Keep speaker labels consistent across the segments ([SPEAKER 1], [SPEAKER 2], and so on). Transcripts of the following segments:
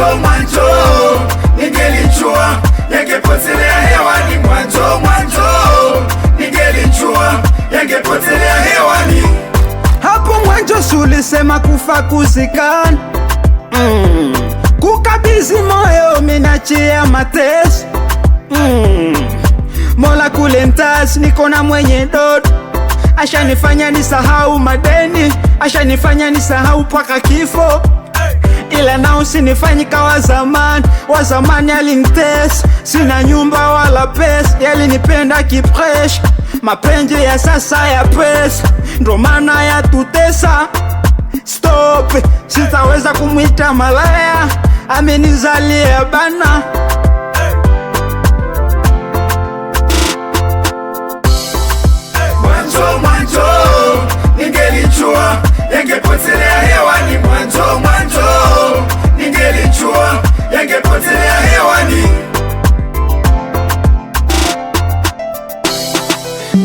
[SPEAKER 1] mwanzo mwanzo, ningelijua yangepotelea hewani. Mwanzo mwanzo, ningelijua yangepotelea hewani.
[SPEAKER 2] Hapo mwanzo sulisema kufa kuzikana, mm. kukabizi moyo minachia mateso mm. Mola kule ntasi nikona mwenye dodo ashanifanya nisahau madeni, ashanifanya nisahau paka kifo ila na usinifanyi kawa zamani. Wa zamani alinitesa, sina nyumba wala pesa, yalinipenda kipresha. Mapenzi ya sasa ya pesa, ndo maana yatutesa. Stop, sitaweza kumwita malaya, amenizalia bana.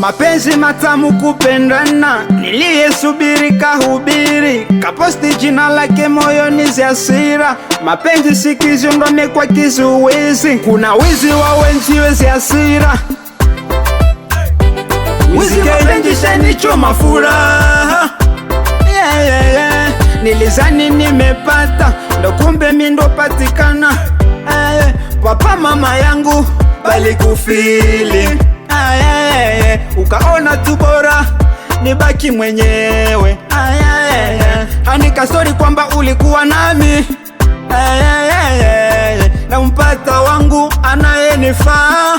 [SPEAKER 2] Mapenzi matamu kupendana, niliyesubiri kahubiri, kaposti jina lake moyoni za Mapenzi sikizi kizondone kwa kizuizi, kuna wizi wa wenziwe za yeah, yeah, yeah. Nilizani nimepata ndo kumbe mindopatikana, eh, papa mama yangu balikufili ukaona tu bora nibaki mwenyewe. Hanikasori kwamba ulikuwa nami na mpata wangu anayenifaa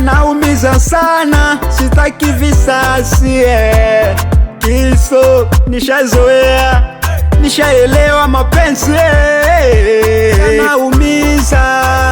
[SPEAKER 2] Naumiza sana, sitaki visasi. Eh. Kiso nishazoea nishaelewa mapenzi yanaumiza